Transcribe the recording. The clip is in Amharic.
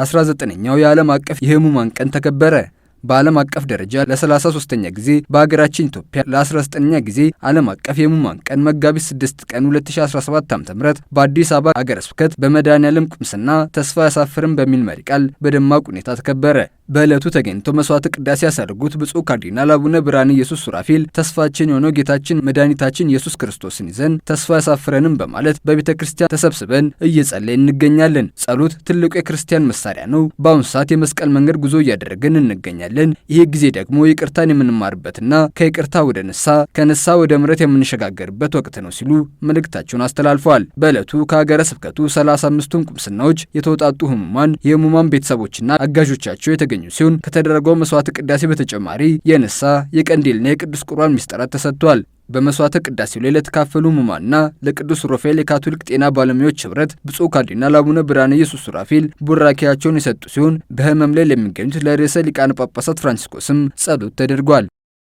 19ኛው የዓለም አቀፍ የህሙማን ቀን ተከበረ። በዓለም አቀፍ ደረጃ ለ33ኛ ጊዜ በሀገራችን ኢትዮጵያ ለ19ኛ ጊዜ ዓለም አቀፍ የህሙማን ቀን መጋቢት 6 ቀን 2017 ዓ.ም በአዲስ አበባ አገረ ስብከት በመድኃኔዓለም ቁምስና ተስፋ አያሳፍርም በሚል መሪ ቃል በደማቅ ሁኔታ ተከበረ። በዕለቱ ተገኝተው መስዋዕት ቅዳሴ ያሳርጉት ብፁዕ ካርዲናል አቡነ ብርሃን ኢየሱስ ሱራፊል ተስፋችን የሆነው ጌታችን መድኃኒታችን ኢየሱስ ክርስቶስን ይዘን ተስፋ ያሳፍረንም በማለት በቤተ ክርስቲያን ተሰብስበን እየጸለይን እንገኛለን። ጸሎት ትልቁ የክርስቲያን መሳሪያ ነው። በአሁኑ ሰዓት የመስቀል መንገድ ጉዞ እያደረግን እንገኛለን። ይህ ጊዜ ደግሞ ይቅርታን የምንማርበትና ከይቅርታ ወደ ንሳ ከንሳ ወደ ምረት የምንሸጋገርበት ወቅት ነው ሲሉ መልእክታቸውን አስተላልፈዋል። በዕለቱ ከሀገረ ስብከቱ 35 አምስቱን ቁምስናዎች የተውጣጡ ህሙማን፣ የህሙማን ቤተሰቦችና አጋዦቻቸው የተገኙ የተገኙ ሲሆን ከተደረገው መስዋዕት ቅዳሴ በተጨማሪ የነሳ የቀንዲልና የቅዱስ ቁርባን ምስጢራት ተሰጥቷል። በመስዋዕተ ቅዳሴው ላይ ለተካፈሉ ሕሙማንና ለቅዱስ ሩፋኤል የካቶሊክ ጤና ባለሙያዎች ህብረት ብፁዕ ካርዲናል አቡነ ብርሃነ ኢየሱስ ሱራፊል ቡራኪያቸውን የሰጡ ሲሆን በህመም ላይ ለሚገኙት ለርዕሰ ሊቃነ ጳጳሳት ፍራንሲስኮስም ጸሎት ተደርጓል።